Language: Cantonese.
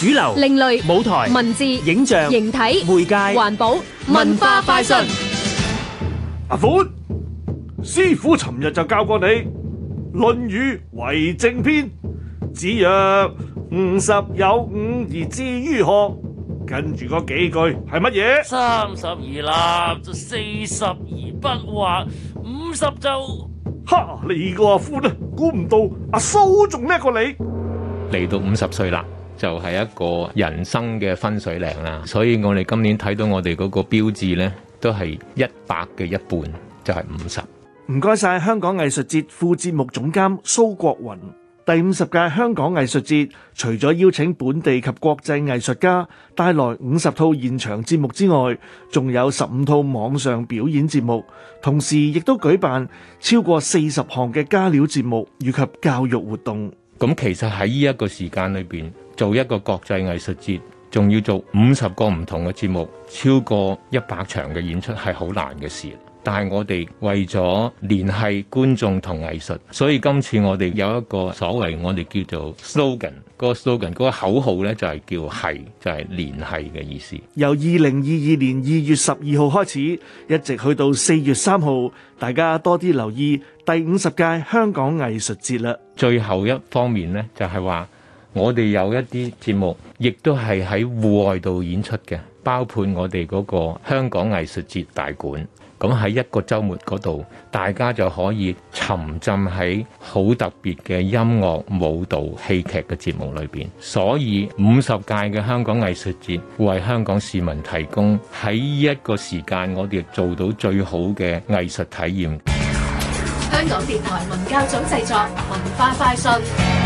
主流、另類、舞台、文字、影像、形體、媒介、環保、文化快訊。阿寬，師傅尋日就教過你《論語為政篇》，子曰：五十有五而志於學。跟住嗰幾句係乜嘢？三十而立，就四十而不惑，五十就哈你個阿寬啊！估唔到阿蘇仲叻過你，嚟到五十歲啦。就係一個人生嘅分水嶺啦，所以我哋今年睇到我哋嗰個標誌呢，都係一百嘅一半，就係五十。唔該晒，香港藝術節副節目總監蘇國雲。第五十屆香港藝術節除咗邀請本地及國際藝術家帶來五十套現場節目之外，仲有十五套網上表演節目，同時亦都舉辦超過四十項嘅加料節目以及教育活動。咁其實喺呢一個時間裏邊，做一個國際藝術節，仲要做五十個唔同嘅節目，超過一百場嘅演出係好難嘅事。但係我哋為咗聯繫觀眾同藝術，所以今次我哋有一個所謂我哋叫做 slogan，個 slogan，個口號呢，就係叫係，就係聯繫嘅意思。由二零二二年二月十二號開始，一直去到四月三號，大家多啲留意第五十屆香港藝術節啦。最後一方面呢，就係話。我哋有一啲節目，亦都係喺戶外度演出嘅，包括我哋嗰個香港藝術節大館。咁喺一個週末嗰度，大家就可以沉浸喺好特別嘅音樂、舞蹈、戲劇嘅節目裏面。所以五十屆嘅香港藝術節，為香港市民提供喺一個時間，我哋做到最好嘅藝術體驗。香港電台文教組製作文化快訊。